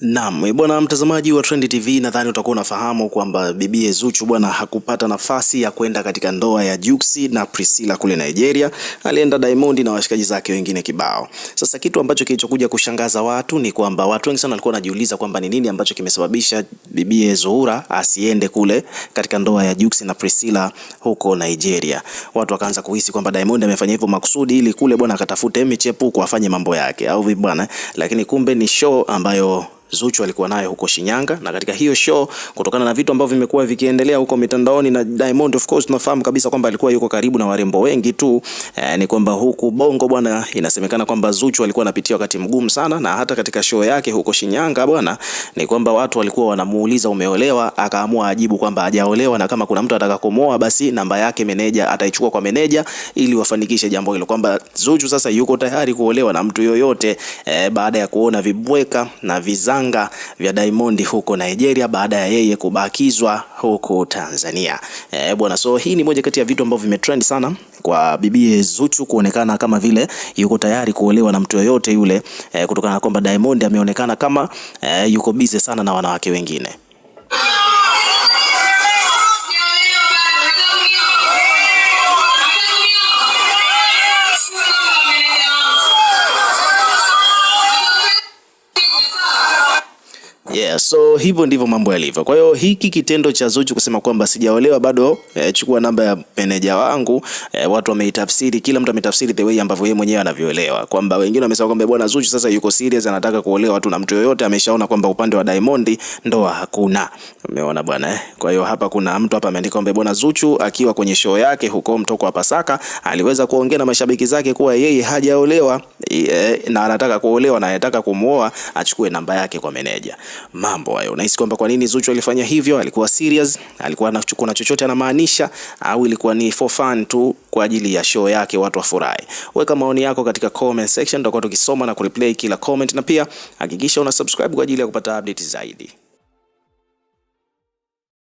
Naam, eh, bwana mtazamaji wa Trend TV, nadhani utakuwa unafahamu kwamba bibi Zuchu bwana hakupata nafasi ya kwenda katika ndoa ya Juksi na Priscilla kule Nigeria. Alienda Diamond na washikaji zake wengine kibao. Sasa kitu ambacho kilichokuja kushangaza watu ni kwamba watu wengi sana walikuwa wanajiuliza kwamba ni nini ambacho kimesababisha bibi Zuhura asiende kule katika ndoa ya Juksi na Priscilla huko Nigeria. Watu wakaanza kuhisi kwamba Diamond amefanya hivyo makusudi ili kule bwana akatafute michepuko afanye mambo yake au bwana, lakini kumbe ni show ambayo Zuchu alikuwa naye huko Shinyanga, na katika hiyo show, kutokana na vitu ambavyo vimekuwa vikiendelea huko mitandaoni na Diamond, of course tunafahamu kabisa kwamba alikuwa yuko karibu na warembo wengi tu eh, ni kwamba huku Bongo bwana, inasemekana kwamba Zuchu alikuwa anapitia wakati mgumu sana, na hata katika show yake huko Shinyanga bwana, ni kwamba watu walikuwa wanamuuliza umeolewa, akaamua ajibu kwamba hajaolewa, na kama kuna mtu ataka kumoa, basi namba yake meneja ataichukua kwa meneja ili wafanikishe jambo hilo, kwamba Zuchu sasa yuko tayari kuolewa na mtu yoyote eh, baada ya kuona vibweka na viza vifaranga vya Diamond huko Nigeria baada ya yeye kubakizwa huko Tanzania. Eh, bwana, so hii ni moja kati ya vitu ambavyo vimetrend sana kwa bibi Zuchu kuonekana kama vile yuko tayari kuolewa na mtu yoyote yule eh, kutokana na kwamba Diamond ameonekana kama eh, yuko busy sana na wanawake wengine. Yeah, so hivyo ndivyo mambo yalivyo. Kwa hiyo hiki kitendo cha Zuchu kusema kwamba sijaolewa bado, eh, chukua namba ya meneja wangu, eh, watu wameitafsiri, kila mtu ametafsiri the way ambavyo yeye mwenyewe anavyoelewa, kwamba wengine wamesema kwamba bwana Zuchu sasa yuko serious, anataka kuolewa watu na mtu yoyote, ameshaona kwamba upande wa Diamond ndoa hakuna. Umeona bwana eh? Kwa hiyo hapa kuna mtu hapa ameandika kwamba bwana Zuchu akiwa kwenye show yake huko mtoko wa Pasaka aliweza kuongea na mashabiki zake kuwa yeye hajaolewa, eh, na anataka kuolewa na anataka kumuoa, achukue namba yake kwa meneja mambo hayo. Unahisi kwamba kwa nini Zuchu alifanya hivyo? Alikuwa serious? Alikuwa anachukua chochote anamaanisha, au ilikuwa ni for fun tu kwa ajili ya show yake watu wafurahi? Weka maoni yako katika comment section, tutakuwa tukisoma na kureplay kila comment, na pia hakikisha una subscribe kwa ajili ya kupata update zaidi.